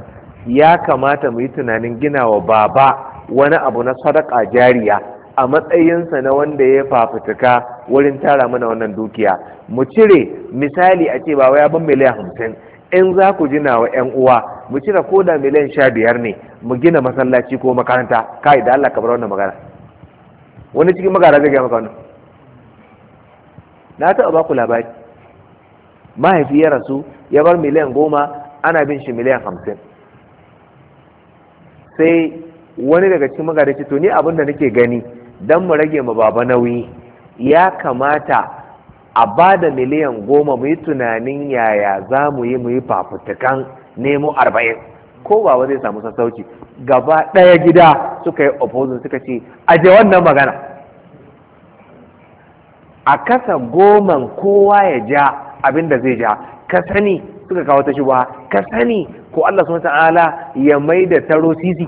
ya kamata mu yi tunanin gina wa baba wani abu na sadaka jariya a matsayinsa na wanda ya fafutuka wurin tara mana wannan dukiya mu cire misali a ce bawa ya ban miliyan hamsin in za ku jina wa 'yan uwa mu cire ko da miliyan sha biyar ne mu gina masallaci ko makaranta kai da Allah ka bar wannan magana wani cikin magana zai gaya maka wannan na taɓa ba ku labari mahaifi ya rasu ya bar miliyan goma ana bin shi miliyan hamsin sai wani daga cikin magadaci to ni abin da nake gani don mu rage ma baba nauyi ya kamata a ba da miliyan goma mu yi tunanin yaya za mu yi mu yi fafutukan nemo arba'in ko baba zai samu sassauci gaba ɗaya gida suka yi opposing suka ce aje wannan magana a kasa goman kowa ya ja abin da zai ja ka sani suka kawo ta shubha ka sani ko Allah subhanahu ta'ala ya mai da taro sisi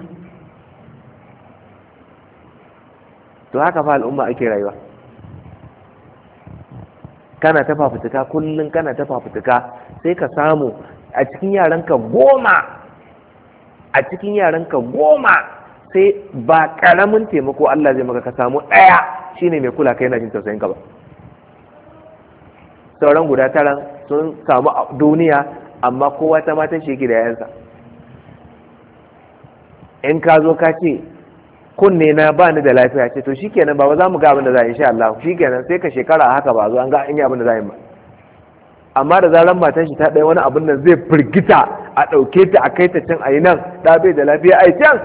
to haka fa al'umma ake rayuwa kana ta fafutuka kullum kana ta fafutuka sai ka samu a cikin yaranka goma a cikin yaranka goma sai ba ƙaramin taimako Allah zai maka ka samu ɗaya shine mai kula kai na jin tausayin ka ba sauran guda taran sun samu duniya amma kowa ta matan shi gida yansa in ka zo ka ce kunne na ba ni da lafiya ce to shikenan ba za mu ga abin da za a insha Allah shikenan sai ka shekara haka ba zo an ga an yi abin da za a yi ba amma da zaran matan shi ta ɗaya wani abin nan zai firgita a ɗauke ta a kai ta can a yi nan ɗa bai da lafiya a yi can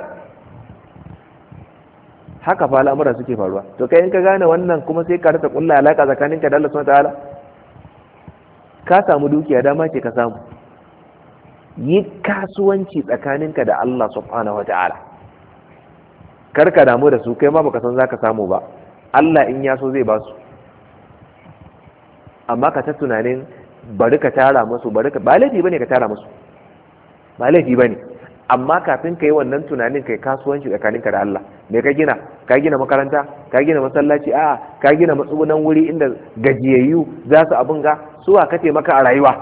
haka fa al'amura suke faruwa to kai in ka gane wannan kuma sai ka rasa ƙulla alaƙa tsakaninka da Allah subhanahu wa ta'ala ka samu dukiya dama ce ka samu yi kasuwanci tsakaninka da Allah subhanahu wa ta'ala karka damu da su kai ma baka san zaka samu ba Allah in ya so zai ba su amma ka ta tunanin bari ka tara musu bari ka ba laifi bane ka tara musu ba laifi bane amma kafin ka yi wannan tunanin kai kasuwanci tsakaninka da Allah me ka gina ka gina makaranta ka gina masallaci a'a ka gina matsugunan wuri inda gajiyayyu za su abin ga suwa ka taimaka a rayuwa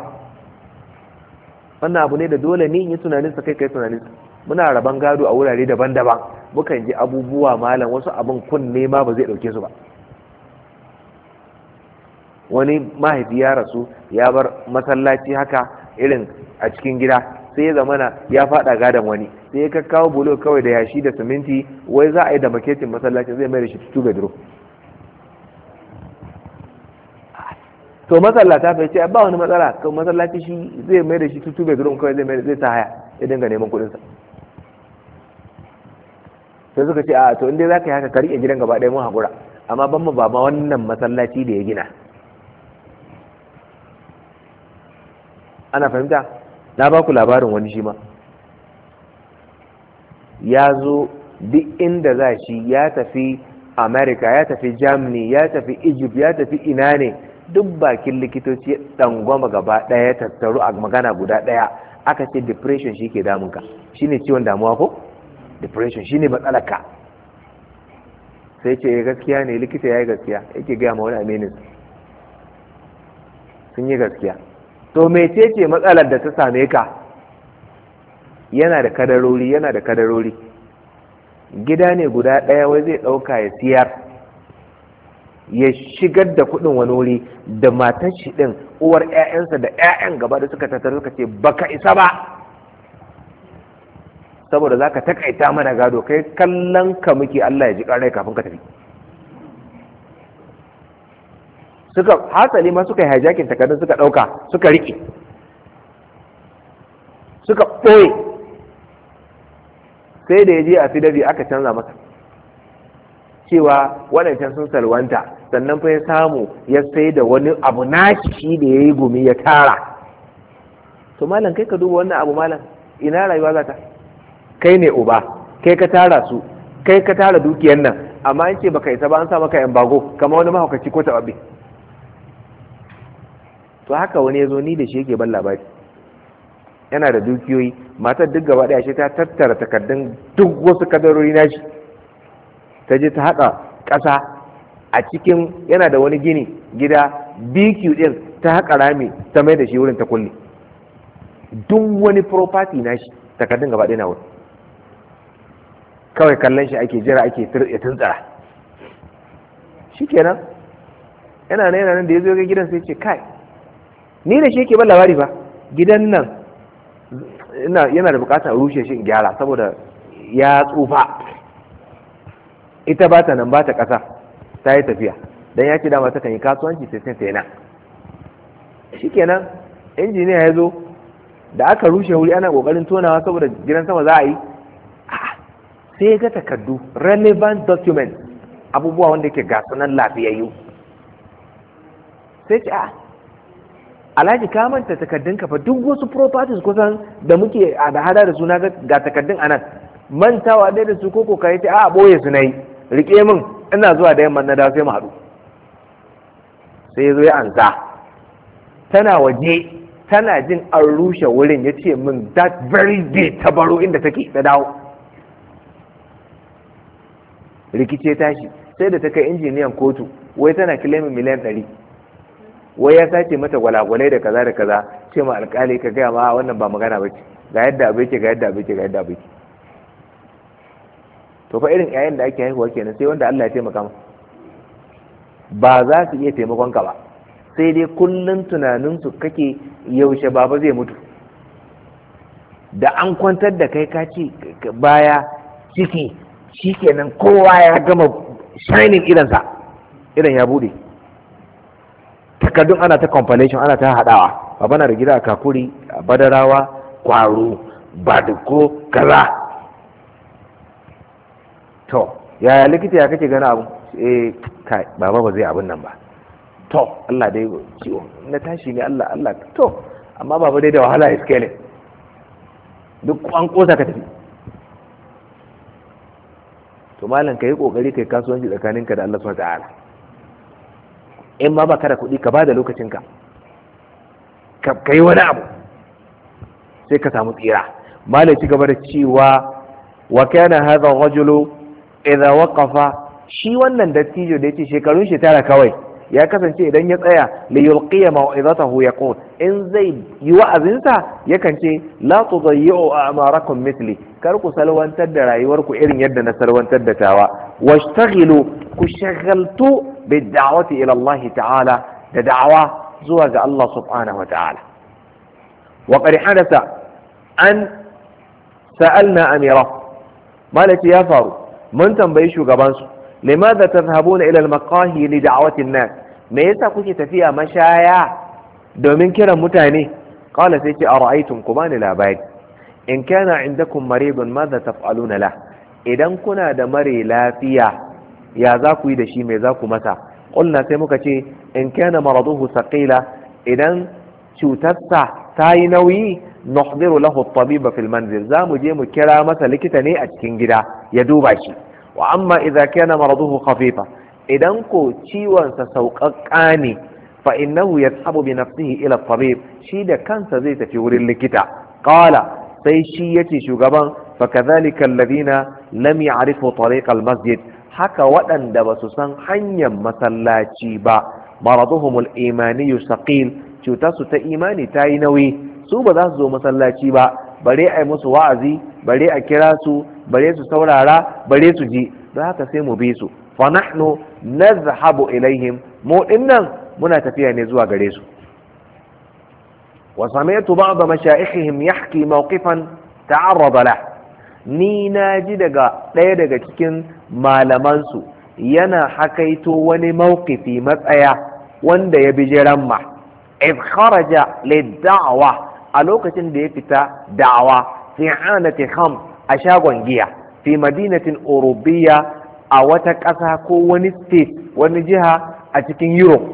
wannan abu ne da dole ne in yi tunaninsa kai kai tunaninsa muna raban gado a wurare daban-daban mukan ji abubuwa malam wasu abin kunne ma ba zai ɗauke su ba wani mahaifi ya rasu ya bar masallaci haka irin a cikin gida sai ya zamana ya fada gadon wani sai ya kakkawo bulo kawai da yashi da siminti wai za a yi da maketin masallaci zai mai da shi tutu ga duro to masallata fi ce ba wani matsala kan masallaci shi zai mai da shi tutu bai zurum kawai zai mai zai sa haya ya dinga neman kuɗin sa sai suka ce a to in dai ka yi haka ka rike gidan gaba ɗaya mun haƙura, amma ban mu ba ma wannan masallaci da ya gina ana fahimta na ba ku labarin wani shi ma ya zo duk inda za shi ya tafi america ya tafi germany ya tafi egypt ya tafi ina ne duk bakin likitoci goma gaba daya tattaru a magana guda daya aka ce depression shi ke damunka shi ne ciwon damuwa ko depression shi ne matsalaka sai ce ya eh, gaskiya ne likita ya yi gaskiya yake gaya ma wani aminin sun yi gaskiya to mecece ce matsalar da ta same ka yana da kadarori yana da kadarori gida ne guda ɗaya wai zai ɗauka ya siyar ya shigar da kuɗin wani wuri da matan shi ɗin uwar 'ya'yansa da 'ya'yan gaba da suka tattara suka ce baka isa ba saboda za ka takaita mana gado kai kallon ka muke Allah ya ji karai kafin ka tafi suka hatsali ma suka yi hijakin takardun suka ɗauka suka riƙe suka boye sai da ya je a fidabi aka canza masa cewa waɗancan sun salwanta sannan fa ya samu ya sai da wani abu nashi shi da ya yi gumi ya tara to malam kai ka duba wannan abu malam ina rayuwa za ta kai ne uba kai ka tara su kai ka tara dukiyar nan amma an ce baka isa ba an sa maka yan bago kamar wani mahaukaci ko taɓaɓe. to haka wani ya zo ni da shi yake ban labari yana da dukiyoyi matar duk gaba ɗaya shi ta tattara takardun duk wasu kadarori na shi ta je ta haɗa ƙasa a cikin yana da wani gini gida bq din ta haƙa rami ta mai da shi wurin ta kulle duk wani property na shi takardun gaba ɗaya na wurin kawai kallon shi ake jira ake tuntsara Shi yana nan yana nan da ya zo ga gidan sai ce kai ni da shi yake ban labari ba gidan nan yana da bukatar rushe shi gyara saboda ya tsufa ita ba ta nan ba ta ƙasa ta yi tafiya don ya ce dama kan yi kasuwanci sai sai sai na shikenan injiniya ya zo da aka rushe wuri ana kokarin tonawa saboda gidan sama za a yi sai ga takardu relevant document abubuwa wanda ke ga sunan lafiyayyu sai ce a alhaji ka manta takardun ka fa duk wasu properties kusan da muke a da hada da suna ga takardun anan mantawa ɗaya da su ko ka yi ta a ɓoye su na yi riƙe min ina zuwa da yamma na da sai mu haɗu sai ya zo ya ansa tana waje tana jin an rushe wurin ya ce min that very day ta baro inda take ta dawo rikice tashi sai da ta kai injiniyan kotu wai tana kilemin miliyan ɗari wai ya sace mata gwalagwalai da kaza da kaza ce ma alkali ka gaya ma wannan ba magana ba ce ga yadda abu yake ga yadda abu yake ga yadda abu yake to fa irin ƴaƴan da ake haihuwa kenan sai wanda Allah ya taimaka maka ba za su iya taimakon ka ba sai dai kullun tunanin su kake yaushe baba zai mutu da an kwantar da kai ka ci baya ciki shi shikenan kowa ya gama shining sa, idan ya bude takardun ana ta compilation ana ta hadawa baba na da gida a kakuri a badarawa kwaro ko kaza to yaya likita ya kake gani abu eh kai baba ba zai abin nan ba to Allah dai ciwo na tashi ne Allah Allah to amma baba dai da wahala iske ne duk an kosa ka tafi to malam kai kokari kai kasuwanci tsakaninka da Allah subhanahu Ta'ala in ma baka da kuɗi ka bada lokacinka ka kai wani abu sai ka samu tsira malam ci gaba da cewa wa kana hadha rajulu idza waqafa shi wannan dattijo da yake shekarun shi tara kawai ya kasance idan ya tsaya li yulqiya mau'izatahu yaqul in zai yi wa'azinsa yakan ce la tudayyi'u a'marakum mithli kar ku salwantar da rayuwarku irin yadda na salwantar da tawa washtaghilu ku shagaltu bid da'wati ila Allah ta'ala da da'awa zuwa ga Allah subhanahu wa ta'ala wa qad hadatha an sa'alna amira malaki ya faru mun tambayi shugabansu limadha tadhhabuna ila al-maqahi li da'wati an-nas me yasa kuke tafiya mashaya domin kiran mutane qala sai ce ara'aytum kuma ni labari in kana indakum maridun madha taf'aluna la idan kuna da mare lafiya ya za ku yi da shi me za ku masa ƙulna sai muka ce in kana maraduhu saqila idan cutarsa ta yi nauyi nuhdiru lahu at-tabiba fil manzil za mu je mu kira masa likita ne a cikin gida ya duba shi wa amma idza kana maraduhu khafifa idan ko ciwon sa sauƙaƙƙa ne fa innahu yadhhabu bi nafsihi ila tabib shi da kansa zai tafi wurin likita qala sai shi yace shugaban fa kadhalika alladhina lam ya'rifu tariq almasjid haka waɗanda ba su san hanyar masallaci ba maraduhum al-imani saqil su ta imani ta yi nauyi su ba za su zo masallaci ba bare a yi musu wa'azi bare a kira su bare su saurara bare su ji don haka sai mu bi su fa nahnu nazhabu ilaihim mu dinnan muna tafiya ne zuwa gare su wa sami'tu ba'd mashayikhihim yahki mawqifan ta'arrada la ni na ji daga ɗaya daga cikin malaman su, yana hakaito wani mawqifi matsaya wanda ya bi jiran ma idh kharaja lid da'wa a lokacin da ya fita da'awa fi anati khams a shagon giya fi madinatin Orubiya a wata ƙasa ko wani state wani jiha a cikin europe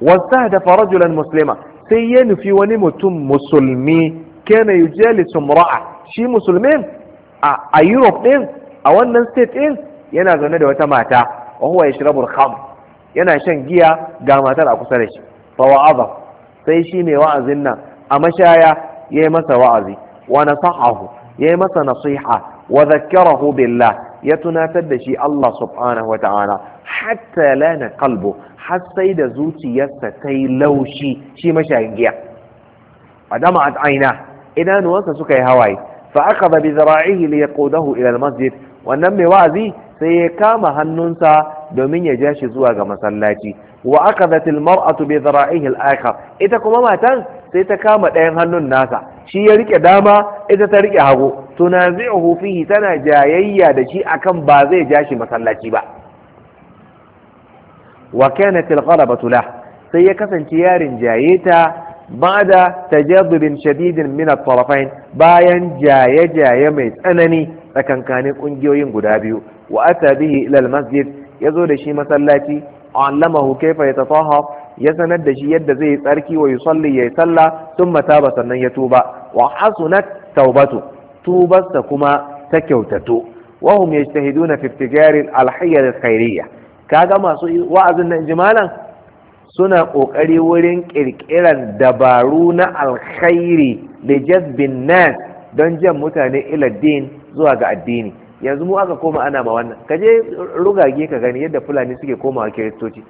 Wasu da farajulan musulma sai ya nufi wani mutum musulmi yi yujalisu mura'a shi musulmin a europe ɗin? a wannan state ɗin? yana zaune da wata mata wa huwa yashrabu kham yana shan giya ga matar a kusa da shi fa wa'aza sai shi ne wa'azin nan a mashaya ya yi masa wa'azi wa nasahahu ya yi masa nasiha wa zakkarahu billah ya tunatar da shi Allah subhanahu wa ta'ala hatta lana kalbo har sai da zuciyarsa ta yi laushi shi mashayin giya adama at aina idanuwansa suka yi hawaye fa aka bi zara'ihi li ya ila ilal masjid wannan mai wa'azi sai ya kama hannunsa domin ya ja shi zuwa ga masallaci wa akhadhat al mar'atu bi zara'ihi al ita kuma matan sai ta kama ɗayan hannun nasa shi ya rike dama ita ta rike hagu zai fihi tana jayayya da shi akan ba zai ja shi masallaci ba wa kanat al sai ya kasance yarin jaye ta ba'da tajaddudin shadidin min at bayan jaye jaye mai tsanani tsakankanin kungiyoyin guda biyu wa ata bihi ila al-masjid yazo da shi masallaci allamahu kayfa yatatahhar ya sanar da shi yadda zai yi tsarki wa ya yi sallah sun mataba sannan ya tuba wa hasunat taubatu tubarsa kuma ta kyautatu wa hum yajtahiduna fi ibtigari al-hiyyah kaga masu wa'azin nan jimalan suna kokari wurin kirkiran dabaru na alkhairi li jazbin nas don jan mutane ila din zuwa ga addini yanzu mu aka koma ana ma wannan kaje rugage ka gani yadda fulani suke komawa kiristoci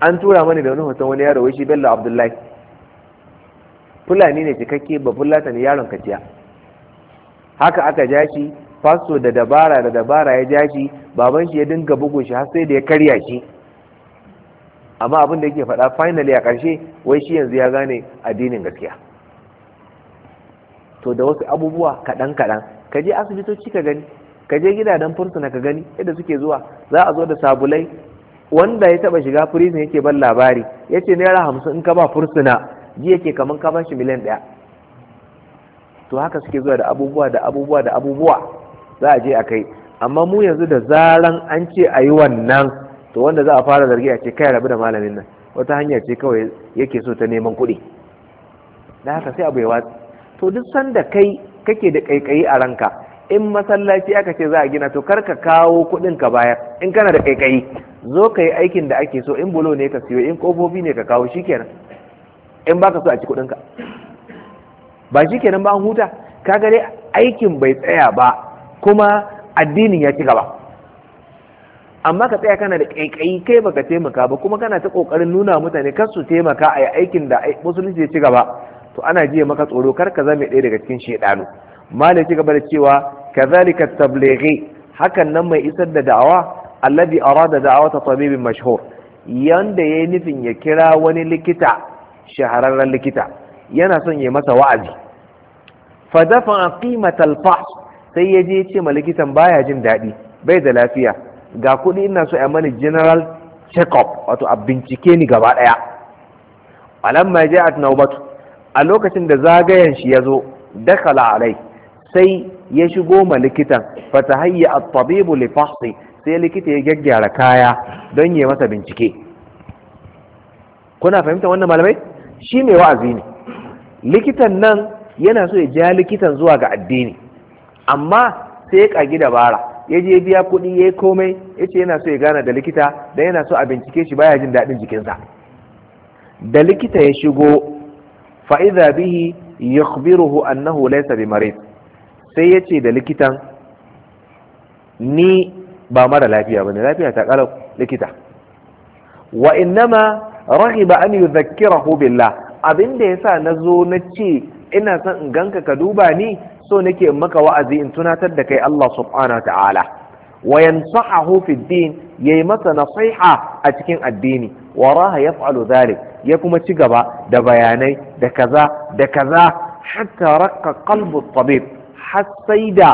an tura mani da wani hoton wani yaro shi bello abdullahi fulani ne cikakke ba fulata ne yaron kaciya haka aka ja shi fasto da dabara da dabara ya ja shi baban shi ya dinga bugun shi har sai da ya karya shi amma abin da yake faɗa finally a ƙarshe wai shi yanzu ya gane addinin gaskiya to da wasu abubuwa kaɗan kaɗan ka je asibitoci ka gani ka je gidajen fursuna ka gani yadda suke zuwa za a zo da sabulai wanda ya taɓa shiga prison yake ban labari ya ce naira hamsin in ka ba fursuna ji yake kamar ka bashi miliyan ɗaya to haka suke zuwa da abubuwa da abubuwa da abubuwa za a je a kai amma mu yanzu da zaran an ce a yi wannan to wanda za a fara zargi a ce kai rabu da malamin nan wata hanya ce kawai yake so ta neman kuɗi da haka sai abu ya watsi to duk sanda kai kake da kaikayi a ranka in masallaci aka ce za a gina to kar ka kawo kudin ka bayar in kana da kaikayi zo ka yi aikin da ake so in bulo ne ka siyo in kofofi ne ka kawo shikenan in baka so a ci kudin ka ba shikenan ba an huta kaga dai aikin bai tsaya ba kuma addinin ya ci gaba amma ka tsaya kana da kaikayi kai baka taimaka ba kuma kana ta kokarin nuna mutane kar su taimaka a yi aikin da musulunci ya ci gaba to ana jiya maka tsoro kar ka zame ɗaya daga cikin shedanu malai ci gaba da cewa kazalika tablighi hakan nan mai isar da da'awa alladhi arada da'awata tabibin mashhur yanda yayi nufin ya kira wani likita shahararren likita yana son ya masa wa'azi fa dafa qimatal fahs sai ya je ce ma likitan baya jin daɗi bai da lafiya ga kuɗi ina so a mani general check up wato a bincike ni gaba ɗaya alamma ja'at naubatu a lokacin da zagayen shi yazo dakala alai sai ya shigo ma likitan fata hayya at-tabibu li fahsi sai likita ya gaggara kaya don ya masa bincike kuna fahimta wannan malamai shi mai wa'azi ne likitan nan yana so ya ja likitan zuwa ga addini amma sai ya kagi dabara ya je biya kuɗi ya komai yace yana so ya gana da likita da yana so a bincike shi baya jin daɗin jikinsa da likita ya shigo fa'iza bihi yukhbiruhu annahu laysa bi marid sai ya ce da likitan ni ba mara lafiya ba ne lafiya ta kalau likita wa innama rahiba an yudhakkirahu billah abin da yasa na zo na ce ina son in ganka ka duba ni so nake in maka wa'azi in tunatar da kai Allah subhanahu ta'ala wa yansahahu fi din yayi masa nasiha a cikin addini wa raha yaf'alu dhalik ya kuma ci gaba da bayanai da kaza da kaza hatta raqqa qalbu tabib har sai da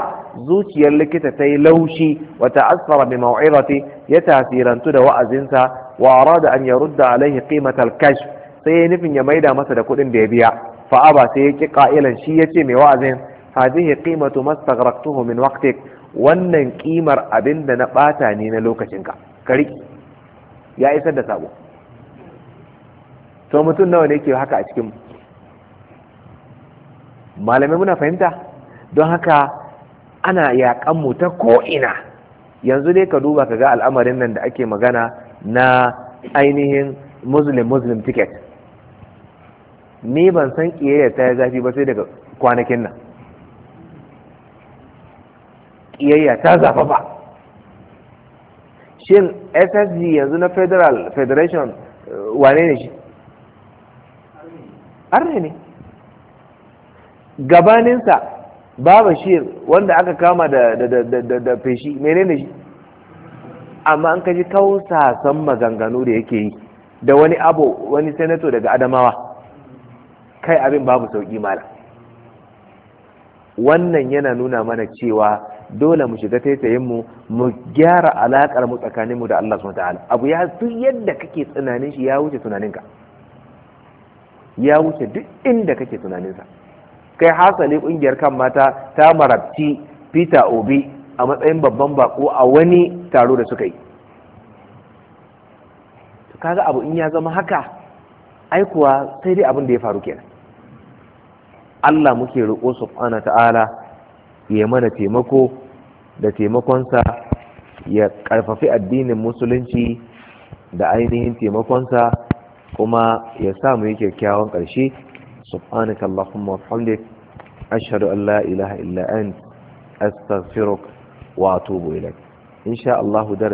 zuciyar likita ta yi laushi wata asfara bi mau'irati ya tasirantu da wa'azinsa wa arada an yarudda alaihi qimatal kash sai ya nufin ya maida masa da kuɗin da ya biya fa aba sai ya ki qa'ilan shi yace mai wa'azin hadhihi qimatu mastaghraqtuhu min waqtik wannan kimar abinda na bata ne na lokacinka kari ya isar da sabo to mutum nawa ne ke haka a cikin malamai muna fahimta don haka ana yaƙan mu ta ko'ina yanzu dai ka duba ka ga al'amarin nan da ake magana na ainihin muslim muslim ticket ni ban san ƙiyayyar ta ya zafi ba sai daga kwanakin nan ƙiyayya ta zafa ba shin ssg yanzu na federal federation uh, wane ne shi arne ne gabaninsa babu shi wanda aka kama da da feshi menene shi amma an kaji tausasan maganganu da yake yi da wani abu wani senato daga adamawa kai abin babu sauki mala wannan yana nuna mana cewa dole mu shiga taitayin mu mu gyara alakar mu tsakanin da Allah subhanahu abu ya duk yadda kake tunanin shi ya wuce tunaninka ya wuce duk inda kake tunaninsa kai hasali kungiyar kan mata ta marabci peter obi a matsayin babban bako a wani taro da suka yi kaga abu in ya zama haka ai kuwa sai dai abin da ya faru kenan Allah muke roƙo subhana ta'ala ya mana taimako da taimakonsa ya ƙarfafi addinin musulunci da ainihin taimakonsa kuma ya samu yi kyakkyawan ƙarshe سبحانك اللهم وبحمدك أشهد أن لا إله إلا أنت أستغفرك وأتوب إليك إن شاء الله درس